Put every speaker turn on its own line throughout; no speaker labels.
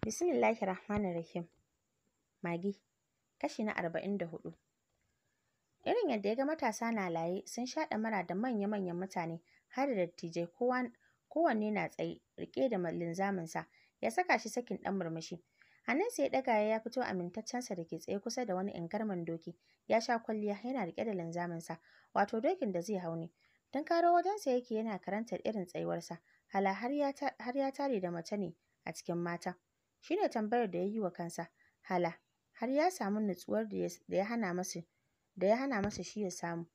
bismillahi Rahmanir Rahim. Magi, kashi na arba'in da hudu. Irin yadda ya ga matasa na laye sun shaɗa mara da manya-manyan mutane har da dattijai kowanne na tsaye rike da linzaminsa ya saka shi sakin ɗan murmushi. Hannunsa ya ɗaga ya fito amintaccensa da ke tsaye kusa da wani ingarman doki ya sha kwalliya yana rike da linzaminsa wato dokin da zai hau ne. Don karo wajensa yake yana karantar irin tsayuwarsa hala har ya tare da mace ne a cikin mata. shi ne tambayar da ya yi wa kansa, hala, har ya samu nutsuwar da ya hana masa da ya hana masa shi ya samu.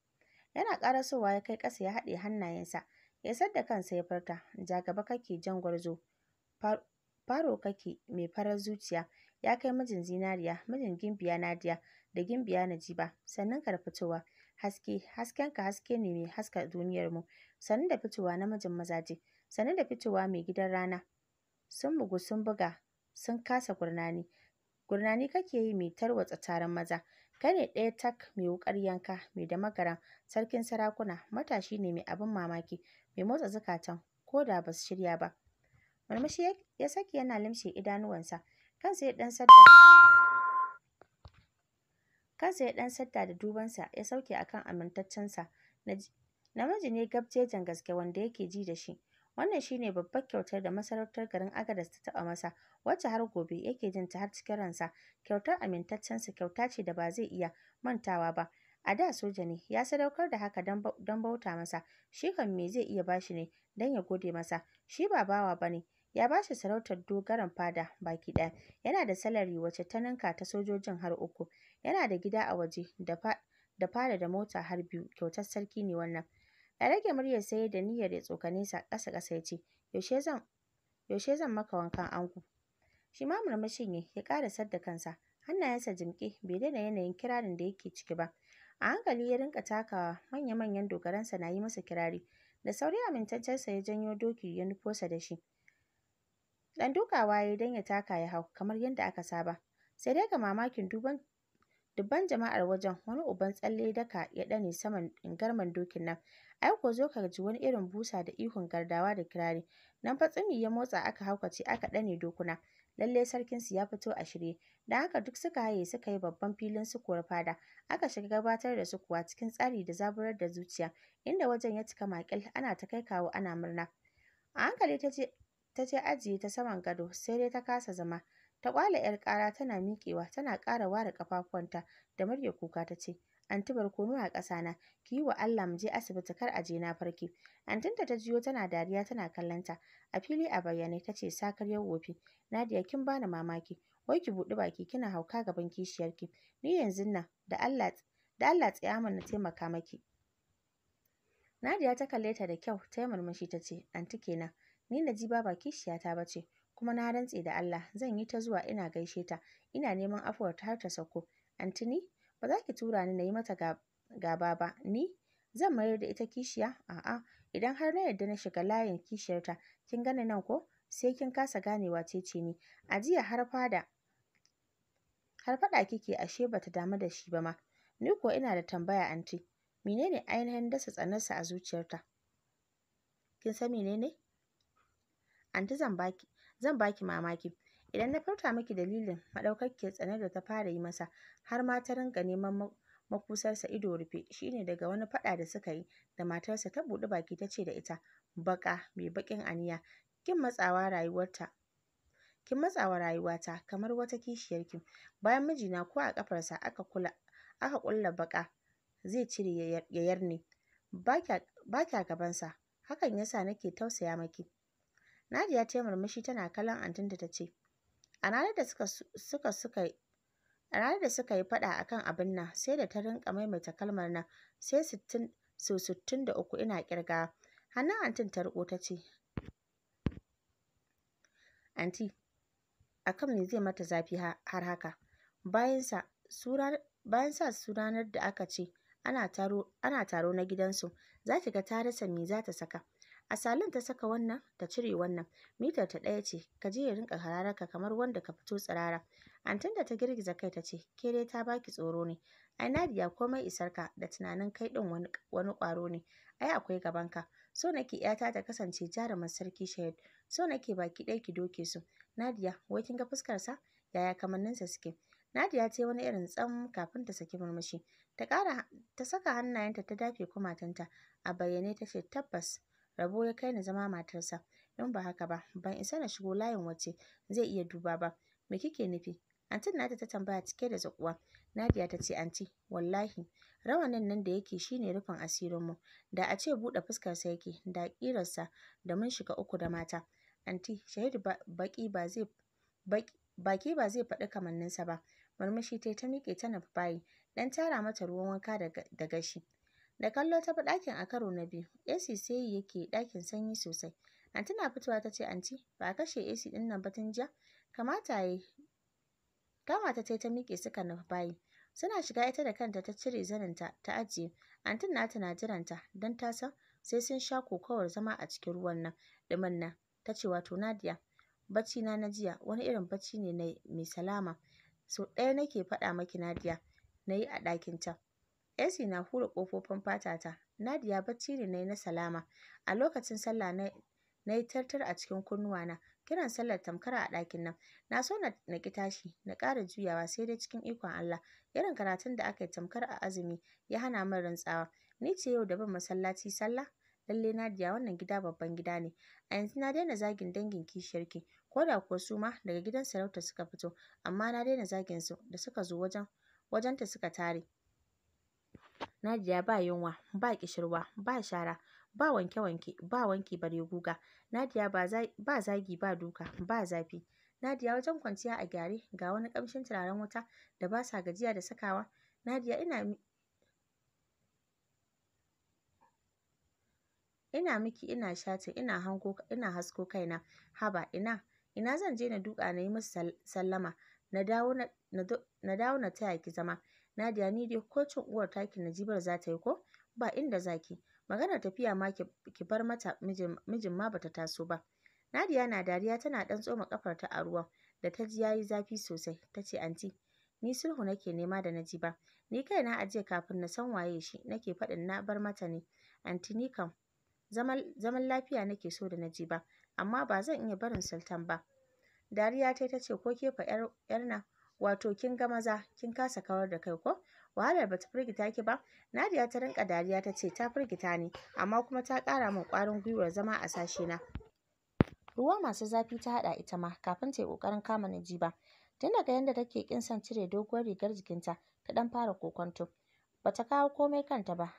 Yana sowa ya kai ƙasa ya haɗe hannayensa, ya da kansa ya farta, ja gaba kake jan gwarzo, faro kake mai farar zuciya, ya kai mijin zinariya, mijin gimbiya Nadiya da gimbiya Najiba, sannan ka fitowa, haske, haskenka haske ne mai haska duniyar mu sannan da fitowa na namijin mazaje, sannan da fitowa mai gidan rana. Sun bugu sun buga, sun kasa gurnani. Gurnani kake yi mai tarwatsa taron maza. kane ɗaya tak mai wuƙar yanka, mai da magaran, sarkin sarakuna, matashi ne mai abin mamaki, mai motsa zukatan, ko da ba su shirya ba. Murmushi ya saki yana limshe idanuwansa, kansa ya ɗan sadda. ɗan sadda da dubansa ya sauke akan amintaccensa. Namiji ne gabjejen gaske wanda yake ji da shi. Wannan shi ne babbar kyautar da masarautar garin Agadez ta taɓa masa, wacce har gobe yake jin ta har cikin ransa. Kyautar amintaccensa kyauta ce da ba zai iya mantawa ba. A da soja ne, ya sadaukar da haka don bauta masa, shi kan me zai iya bashi ne don ya gode masa, shi ba bawa ba ne. Ya bashi sarautar dogaran fada baki ɗaya, yana da salari wacce ta ninka ta sojojin har uku, yana da gida a waje da fada da mota har biyu, kyautar sarki ne wannan. Ya rage muryar sai da niyyar ya tsokane sa ƙasa-ƙasa ya ce, yaushe zan yaushe zan maka wankan ango?" Shi ma murmushin ne ya ƙarasar da kansa, hannayensa jimƙe bai daina yanayin kirarin da yake ciki ba. A hankali ya rinka takawa manya-manyan dogaransa na yi masa kirari, da sauri amintaccensa ya janyo doki ya sa da shi. Ɗan dukawa ya yi don ya taka ya hau kamar yadda aka saba, sai dai ga mamakin duban Dubban jama'ar wajen wani uban tsalle daka ya ɗane saman ingarman dokin nan. Ai ko zo ka ji wani irin busa da ihun gardawa da kirari. Nan fa tsumi ya motsa aka haukace aka ɗane dokuna. Lalle sarkin su ya fito a shirye. Da haka duk suka haye suka yi babban filin sukuwar fada. Aka shiga gabatar da su kuwa cikin tsari da zaburar da zuciya. Inda wajen ya cika makil ana ta kai kawo ana murna. A hankali ta je ta je ajiye ta saman gado sai dai ta kasa zama. Ta kwala 'yar ƙara tana miƙewa tana ƙara ware ƙafafuwanta da murya kuka ta ce, Anti barkono a ƙasana, ki yi wa Allah mu je asibiti kar a je na farki. Antinta ta jiyo tana dariya tana kallonta, a fili a bayyane ta ce sakar wofi, Nadiya kin bani mamaki, wai ki buɗi baki kina hauka gaban kishiyarki, ni yanzu nan da Allah da Allah tsaya mana taimaka maki. Nadiya ta kalle ta da kyau ta murmushi ta ce, Anti kenan, ni na Najiba ba kishiyata ba ce, kuma na rantse da Allah zan yi ta zuwa ina gaishe ta ina neman afuwar ta har ta sauko. antini ba za ki tura ni na yi mata gaba ba ni zan mayar da ita kishiya a'a idan har na yarda na shiga layin kishiyarta kin gane nan ko sai kin kasa ganewa ce ce ni a jiya har fada har fada kike ashe bata damu da shi ba ma ni ko ina da tambaya anti menene ainihin dasa tsanarsa a zuciyarta kin san menene anti zan baki zan baki mamaki idan na furta miki dalilin madaukakiyar tsanar da ta fara yi masa har ma ta rinka neman makusarsa ido rufe shine daga wani faɗa da suka yi da matarsa ta buɗe baki ta ce da ita baka mai bakin aniya kin matsawa rayuwarta kin matsawa rayuwata kamar wata kishiyarki bayan mijina ko a kafarsa aka kula aka kulla baka zai cire ya yarne ba kya gabansa hakan yasa nake tausaya maki Nadiya ta murmushi tana kallon antinta ta ce, A ranar da suka suka suka a ranar yi faɗa akan abin nan sai da ta rinka maimaita kalmar nan sai su sau sittin da uku ina kirga hannun antin ta riƙo ta ce anti akan me zai mata zafi har haka bayan sa su ranar da aka ce ana taro na gidansu za ki ga ta rasa me za ta saka a salon ta saka wannan ta cire wannan mitar ta ɗaya ce ka je ya rinka hararaka kamar wanda ka fito tsirara antin da ta girgiza kai ta ce ke dai ta baki tsoro ne ai Nadiya komai isarka da tunanin kai ɗin wani wani ƙwaro ne ai akwai gabanka so nake yata ta kasance jarumin sarki shahid so nake baki ɗaya ki doke su Nadiya wai kin ga fuskar sa yaya kamanninsa suke Nadiya ce wani irin tsam kafin ta saki murmushi. Ta ƙara ta saka hannayenta ta dafe kumatunta. A bayyane ta ce tabbas rabo ya kai ni zama matarsa in ba haka ba ban isa na shigo layin wace zai iya duba ba me kike nufi antin nata ta tambaya cike da zakuwa Nadiya ta ce anti wallahi rawanin nan da yake shine rufin asirin mu da a ce buɗe fuskarsa yake da ƙirarsa da mun shiga uku da mata anti shahidu baki ba zai baki ba zai faɗi kamanninsa ba murmushi ta ta miƙe ta nufi bayi dan tara mata ruwan wanka da gashi Da kallo ta bi ɗakin a karo na biyu, AC sai yake ɗakin sanyi sosai. Anti na fitowa ta ce, Anti, ba a kashe AC ɗin nan ba tun jiya? Kamata ya yi. Kama ta ta miƙe suka na bayi. Suna shiga ita da kanta ta cire zaninta ta ajiye. Antin nata na jiranta don ta san sai sun sha kokawar zama a cikin ruwan nan ɗumin nan. Ta ce, wato Nadiya, bacci na na jiya wani irin bacci ne mai salama. Sau ɗaya nake faɗa maki Nadiya na yi a ɗakin can. AC na hura ƙofofin fatata. Nadia bacci ne na yi na salama. A lokacin sallah na yi tartar a cikin na. Kiran sallar tamkar a ɗakin nan. Na so na ƙi tashi, na ƙara juyawa sai dai cikin ikon Allah. Irin karatun da aka yi tamkar a azumi ya hana min rantsawa. Ni ce yau da ban masallaci sallah? Lalle Nadia wannan gida babban gida ne. A yanzu na daina zagin dangin kishiyarki. Ko da kuwa su ma daga gidan sarauta suka fito, amma na daina zagin su da suka zo wajen wajenta suka tare. Nadiya ba yunwa, ba ƙishirwa, ba shara, ba wanke-wanke, ba wanki bare guga. Nadia ba zagi ba duka, ba zafi. Nadia wajen kwanciya a gyare ga wani ƙamshin turaren wuta da ba sa gajiya da sakawa. Nadia ina ina miki ina shatin ina hango ina hasko kaina haba ina ina zan je na duka na yi musu sallama na dawo na taya ki zama Nadia ni dai ko cin uwar taki Najibar za ta yi ko? Ba inda zaki ki. Maganar tafiya ma ki bar mata mijin ma bata taso ba. Nadia na dariya tana ɗan tsoma ƙafarta a ruwan da ta ji yayi zafi sosai. tace ce anti ni sulhu nake nema da Najiba. Ni kai na jiya kafin na san waye shi nake faɗin na bar mata ne. Anti ni kam zaman lafiya nake so da Najiba amma ba zan iya barin Sultan ba. Dariya ta ce ko kefa fa 'yar nan wato kin ga maza kin kasa kawar da kai ko wahalar bata firgita ki ba Nadiya ta rinka dariya ta ce ta firgita ne, amma kuma ta ƙara min ƙwarin gwiwar zama a sashe na ruwa masu zafi ta haɗa ita ma kafin ta yi ƙoƙarin kama jiba. tun daga yadda take ƙin son cire doguwar rigar jikinta ta ɗan fara kokonto bata kawo komai kanta ba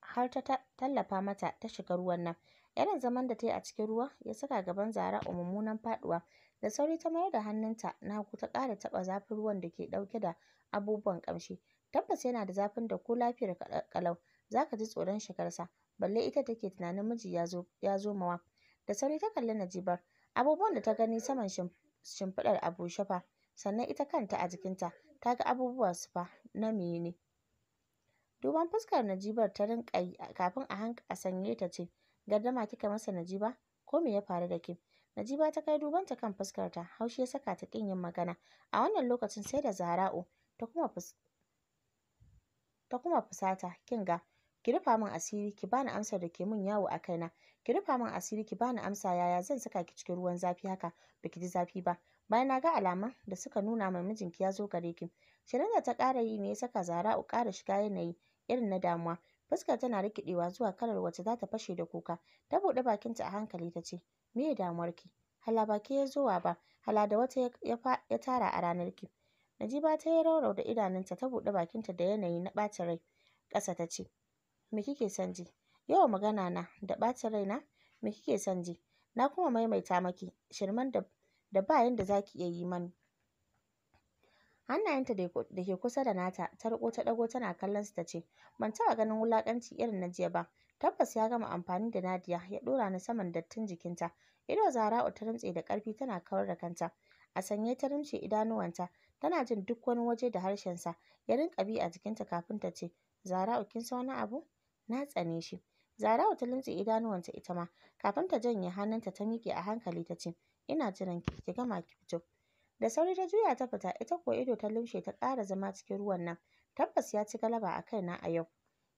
har ta tallafa mata ta shiga ruwan nan irin zaman da ta yi a cikin ruwa ya saka gaban Zara mummunan faɗuwa Da sauri ta mayar da hannunta na hagu ta ƙara taɓa zafin ruwan da ke ɗauke da abubuwan ƙamshi. Tabbas yana da zafin da ko lafiyar eh, ƙalau zaka ji tsoron sa? balle ita take tunanin miji ya zo wa? Da sauri ta kalli Najibar, abubuwan da ta gani saman shimfiɗar a bushe fa, sannan ita kanta a jikin ta ga abubuwa su fa na ne. Duban fuskar Najibar ta rinƙa yi kafin a hanka a sanye ta ce, gardama kika masa Najiba ko me ya faru da ke? Najiba ta kai dubanta kan fuskarta, haushi ya saka ta ƙin magana. A wannan lokacin sai da Zahra'u ta kuma ta kuma fusata, kinga ki rufa min asiri ki bani amsar da ke min yawo a kaina. Ki rufa min asiri ki bani amsa yaya zan saka ki cikin ruwan zafi haka baki ji zafi ba. Bayan na ga alaman da suka nuna mai mijinki ya zo gare ki. Shirinda da ta ƙara yi ne ya saka Zahra'u ƙara shiga yanayi irin na damuwa. Fuskar tana rikidewa zuwa kalar wacce za ta fashe da kuka. Ta buɗe bakinta a hankali ta ce, meye ki? Hala ba ke zuwa ba, hala da wata ya tara a ranar ki. Najiba ta yi raurau da idanunta ta buɗe bakinta da yanayi na ɓacin rai. Ƙasa ta ce, Me kike son ji? Yawan magana na da ɓacin rai na? Me kike son ji? Na kuma maimaita maki, shirman da, da ba yanda za ki iya yi mani. Hannayenta da ke kusa da nata ta riƙo ta ɗago tana kallon su ta ce, Ban taɓa ganin wulaƙanci irin na jiya ba, Tabbas ya gama amfani da Nadia ya ɗora ni saman dattin jikinta. Ido zarau ta rintse da ƙarfi tana kawar da kanta. A sanye ta rimshe idanuwanta, tana jin duk wani waje da harshen sa ya rinka bi a jikinta kafin ta ce, Zarau kin san wani abu? Na tsane shi. Zarau ta lintse idanuwanta ita ma, kafin ta janye hannunta ta miƙe a hankali ta ce, Ina jiran ki, ki gama ki fito. Da sauri ta juya ta fita, ita ko ido ta lumshe ta ƙara zama cikin ruwan nan. Tabbas ya ci galaba a kaina a yau.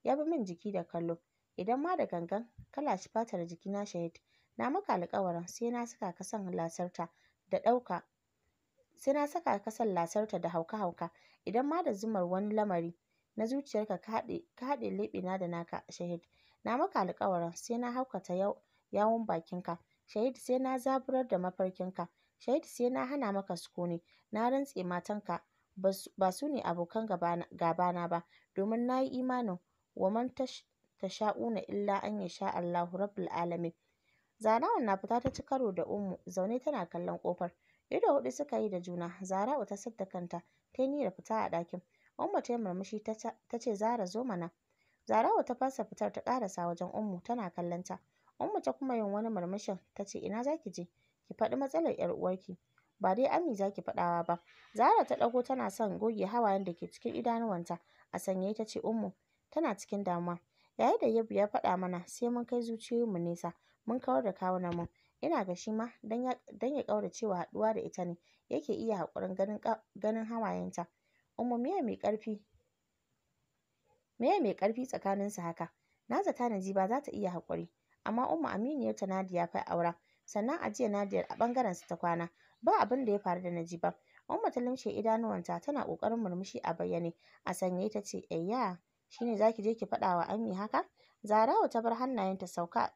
Ya bi min jiki da kallo. Idan ma da gangan ka lashi fatar jikina Shahid, na maka alƙawarin sai na saka ka san lasarta da ɗauka sai na saka ka san lasarta da hauka-hauka idan ma da zumar wani lamari na zuciyarka ka haɗe ka haɗe leɓena da naka Shahid. Na maka alƙawarin sai na haukata yawun bakinka Shahid sai na zaburar da mafarkinka Shahid sai na hana maka sukuni na rantse matanka ba su ne abokan gabana ba domin na yi imanin wa man tash Ta tasha'una illa an yasha Allahu rabbul alamin. Zara'u na fita ta ci karo da Ummu zaune tana kallon kofar Ido hudu suka yi da juna, Zara'u ta sadda kanta ta yi da fita a ɗakin. Ummu ta yi murmushi ta ce Zara zo mana. Zara'u ta fasa fitar ta karasa wajen Ummu tana kallon ta. Ummu ta kuma yin wani murmushin ta ce ina zaki je? Ki faɗi matsalar 'yar uwarki. Ba dai Ami za ki faɗawa ba. Zara ta ɗago tana son goge hawayen da ke cikin idanuwanta. A sanye ta ce Ummu tana cikin damuwa. Yayi da Yabu ya faɗa mana sai mun kai zuciyoyinmu nesa mun kawar da kawunanmu. Ina ga shi ma dan ya cewa haɗuwa da ita ne yake iya haƙurin ganin hawayenta. Umma me mai ƙarfi meye mai ƙarfi tsakaninsu haka? Na zata na ji ba za ta iya haƙuri, amma Umma ta Nadiya fa aura, sannan a jiya Nadiyar a su ta kwana, ba abin da ya faru da Najiba. Umma ta lumshe idanuwanta tana ƙoƙarin murmushi a bayyane, a sanye ta ce, "Eyya!" shine zaki je ki faɗa wa ammi haka zarawa ta bar hannayenta sauka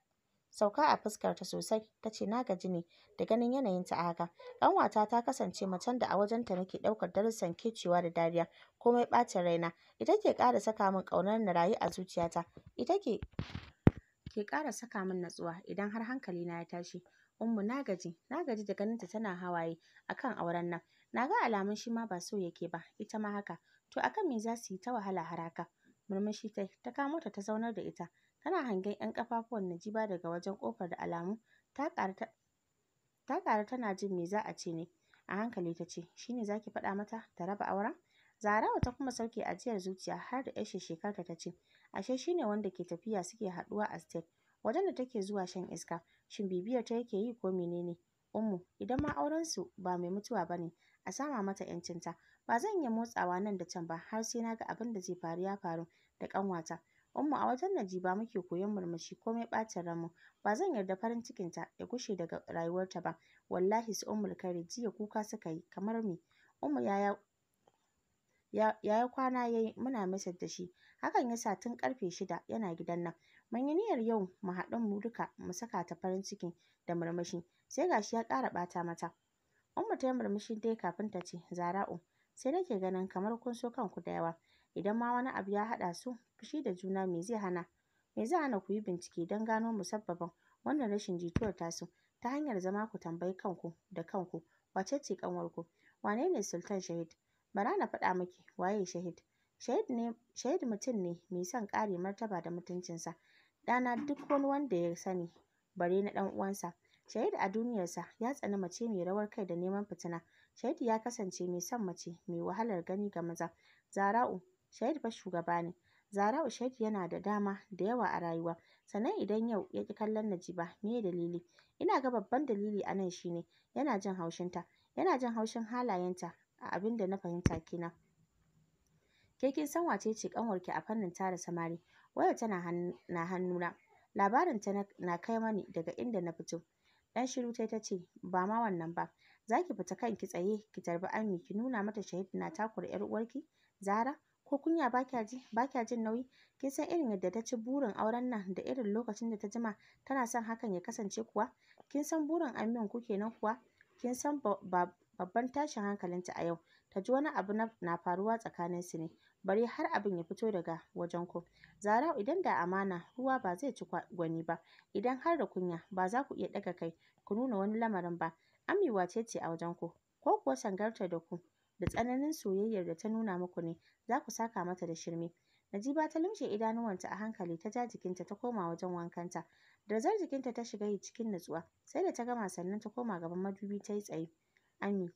sauka a fuskarta sosai ta ce na gaji ne da ganin yanayinta a haka ƙanwata ta kasance macen da a wajenta nake ɗaukar darussan kecewa da dariya komai ɓacin raina ita ke ƙara saka min ƙaunar na rayu a zuciyata ita ke ke ƙara saka min natsuwa idan har hankali na ya tashi ummu na gaji na gaji da ganinta tana hawaye akan auren nan na ga alamun shi ma ba so yake ba ita ma haka to akan me za su yi ta wahala har haka Murmushi ta ta kamo ta ta zaunar da ita. Tana hangen ‘yan ƙafafuwan Najiba daga wajen ƙofar da alamu ta ƙara tana jin me za a ce ne. A hankali tace ce, shi ne faɗa mata ta raba auren? Zahrawa ta kuma sauke ajiyar zuciya har da ƴar shekarata ta ce, ashe shine wanda ke tafiya suke haɗuwa a step wajen da take zuwa shan iska. Shin bibiyar ta yake yi ko menene? Ummu, idan ma auren su ba mai mutuwa bane a sama mata ‘yancinta. Ba zan iya motsawa nan da can ba har sai na ga abin da zai faru ya faru. da ƙanwata. Ummu a wajen Najiba muke koyon murmushi komai ɓacin ranmu. Ba zan yarda farin cikin ta ya gushe daga rayuwarta ba. Wallahi su Umar Kare jiya kuka suka yi kamar me. Ummu yaya ya ya kwana yayi muna masa da shi hakan yasa tun karfe shida yana gidan nan mun yi niyyar yau mu haɗu mu duka mu saka ta farin ciki da murmushi sai gashi ya ƙara ɓata mata Ummu ta yi murmushi dai kafin ta ce Zara'u sai nake ganin kamar kun so kanku da yawa Idan ma wani abu ya haɗa su fushi da juna me zai hana me zai hana ku yi bincike don gano musabbabin wannan rashin jituwar tasu ta hanyar zama ku tambayi kanku da kanku wace ce ku wane ne Sultan Shahid bara na faɗa miki waye Shahid Shahid ne Shahid mutum ne mai son ƙare martaba da mutuncinsa ɗana duk wani wanda ya sani bare na ɗan uwansa Shahid a duniyarsa ya tsani mace mai rawar kai da neman fitina Shahid ya kasance mai son mace mai wahalar gani ga maza Zara'u Shahid ba shugaba ne. Zara'u Shahid yana da dama da yawa a rayuwa. Sannan idan yau ya ƙi kallon Najiba me dalili? Ina ga babban dalili a nan shi yana jin haushin ta. Yana jin haushin halayenta a abin da na fahimta kenan. Ke kin san wace ce ƙanwarki a fannin tara samari? Wayar tana na hannuna. ta na kai mani daga inda na fito. Ɗan shiru tai ta ce, ba ma wannan ba, za ki fita kanki tsaye ki tarbi Ami ki nuna mata Shahid na takura ‘yar uwarki Zara ko kunya ba kya ji ba jin nauyi kin san irin yadda ta ci burin auren nan da irin lokacin da ta jima tana son hakan ya kasance kuwa kin san burin amin ku kenan kuwa kin san babban tashin hankalinta a yau ta ji wani abu na faruwa tsakanin su ne bari har abin ya fito daga wajen ku Zara, idan da amana ruwa ba zai ci gwani ba idan har da kunya ba za ku iya daga kai ku nuna wani lamarin ba amiwa ce ce a wajen ku ko kuwa sangarta da ku da tsananin soyayyar da ta nuna muku ne za ku saka mata da shirme. Najiba ta lumshe idanuwanta a hankali ta ja jikinta ta koma wajen wankanta. Darzar jikinta ta shiga yi cikin natsuwa sai da ta gama sannan ta koma gaban madubi ta yi tsaye. Ami,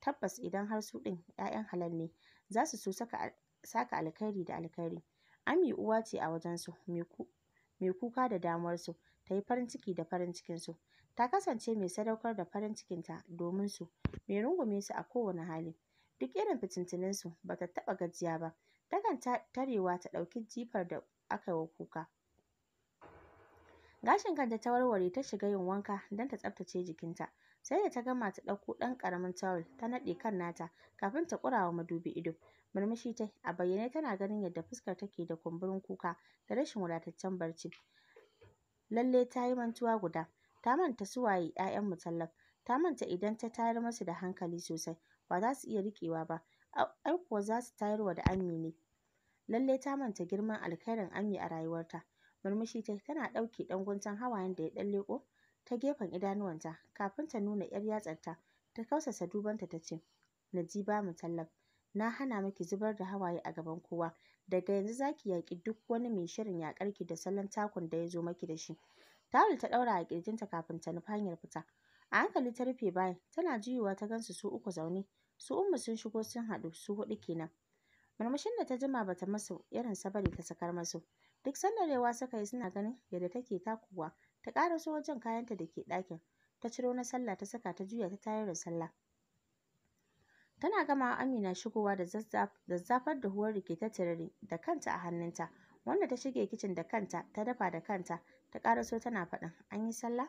tabbas idan har su ɗin 'ya'yan halal ne za su so saka, saka alkhairi da alkhairi. Ami uwa ce a wajen wajensu mai kuka da damuwarsu ta yi farin ciki da farin cikin su Ta kasance mai sadaukar da farin cikinta domin su, mai rungume su a kowane hali. Duk irin fitintinin su bata taɓa gajiya ba, takan tarewa ta ɗauki jifar da aka wa kuka. Gashin kanta ta warware ta shiga yin wanka don ta tsaftace jikinta. Sai da ta gama ta ɗauko ɗan ƙaramin tawul ta naɗe kan nata kafin ta ƙura wa madubi ido. Murmushi ta a bayyane tana ganin yadda fuskar take da kumburin kuka da rashin wadataccen barci. Lalle ta yi mantuwa guda, ta manta su waye 'ya'yan mutallaf, ta manta idan ta tayar musu da hankali sosai ba za su iya riƙewa ba, ai kuwa za su tayarwa da Ammi ne. Lallai ta manta girman alkhairin Ammi a rayuwarta. Murmushi ta tana ɗauke ɗan guntun hawayen da ya ɗan leƙo ta gefen idanuwanta kafin ta nuna ‘yar yatsarta ta kausasa dubanta ta ce, Najiba Mutallab, na hana miki zubar da hawaye a gaban kowa, daga yanzu za ki yaƙi duk wani mai shirin yaƙar ki da salon takun da ya zo maki da shi. Tawul ta ɗaura a ƙirjinta kafin ta nufi hanyar fita. A hankali ta rufe bayan, tana juyowa ta gansu su uku zaune su umma sun shigo sun haɗu su huɗu kenan murmushin da ta jima bata masu irin sa bane ta sakar masu duk sandarewa suka yi suna ganin yadda take takowa. ta ƙaraso wajen kayanta da ke ɗakin ta ciro na sallah ta saka ta juya ta tayar da sallah tana gama amina shigowa da zazzafar dahuwar rike ta tirare da kanta a hannunta wanda ta shige kicin da kanta ta dafa da kanta ta ƙaraso tana faɗin an yi sallah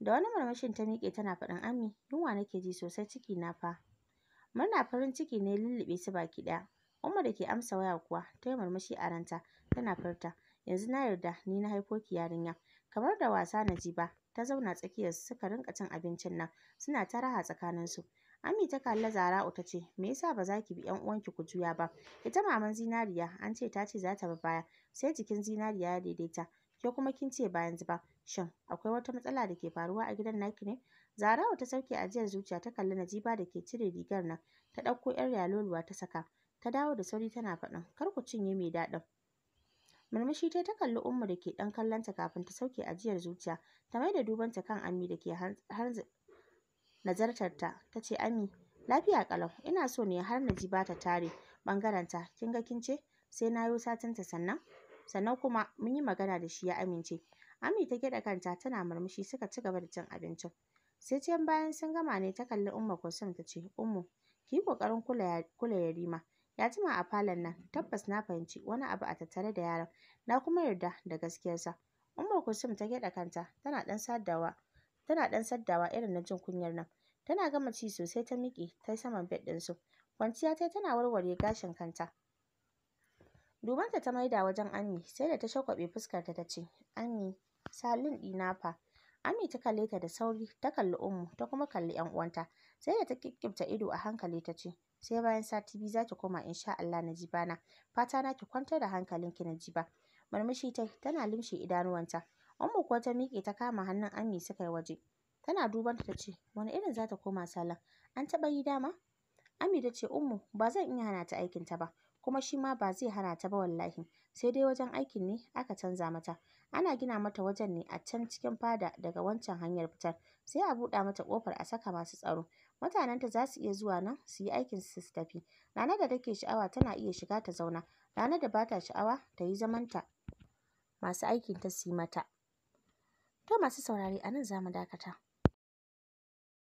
da wani murmushin ta miƙe tana faɗin ami yunwa nake ji sosai ciki na fa Muna farin ciki ne ya lulluɓe su baki ɗaya. Umar, da ke amsa waya kuwa ta yi murmushi a ranta tana furta, yanzu na yarda ni na haifo ki yarinya. Kamar da wasa na ji ba, ta zauna tsakiyar su suka rinƙa cin abincin nan suna ta raha tsakaninsu. Ami ta kalli Zara'u ta ce, me yasa ba za ki bi ƴan uwanki ku juya ba? Ita maman Zinariya an ce ta ce za ta bi baya, sai jikin Zinariya ya daidaita, ke kuma kin ce ba yanzu ba. Shin akwai wata matsala da ke faruwa a gidan naki ne? Zarawa ta sauke ajiyar zuciya ta kalli Najiba da ke cire rigar nan, ta ɗauko ‘yar yaloluwa ta saka, ta dawo da sauri tana faɗin, kar ku cinye mai daɗin. Murmushi ta ta kalli ummu da ke ɗan kallonta kafin ta sauke ajiyar zuciya, ta mai da dubanta kan Ami da ke nazartar ta, ta ce Ami, lafiya ƙalau, ina so ne har Najiba ta tare ɓangarenta, kin ga kin ce sai na yo satinta sannan? Sannan kuma mun yi magana da shi ya amince. Ami ta gyaɗa kanta tana murmushi suka ci gaba da cin abincin. Sai can bayan sun gama ne ta kalli Umma Kulsum ta ce, Ummu, ki yi ƙoƙarin kula Yarima. Ya jima a falon nan, tabbas na fahimci wani abu a tattare da yaron, na kuma yarda da gaskiyarsa. Umar Kulsum ta gyaɗa kanta, tana ɗan saddawa, irin na jin kunyar nan. Tana gama ci sosai ta miƙe, ta saman bed ɗin su. Kwanciya yi tana warware gashin kanta. Dubanta ta maida wajen Ammi, sai da ta shagwaɓe fuskarta ta ce, Ammi, salon ɗina fa, Ami ta kalle ta da sauri ta kalli Ummu ta kuma kalli ‘yan uwanta. Sai da ta kikkimta ido a hankali ta ce, sai bayan sati biyu za ki koma insha Allah na jibana. Fata na ki kwantar da hankalin ki na jiba. Murmushi ta tana limshe idanuwanta. Ummu kuwa ta miƙe ta kama hannun Ami suka yi waje. Tana duban ta ce, wani irin za ta koma salon? An taɓa yi dama? Ami ta ce, Ummu ba zan iya hana ta aikinta ba. kuma shi ma ba zai hana ta ba wallahi sai dai wajen aikin ne aka canza mata ana gina mata wajen ne a can cikin fada daga wancan hanyar fitar sai a buɗe mata ƙofar a saka masu tsaro mutanenta za su iya zuwa nan su yi aikin su su tafi ranar da take sha'awa tana iya shiga ta zauna Rana da ba ta sha'awa ta yi ta masu aikin ta su yi mata to masu saurare a nan za mu dakata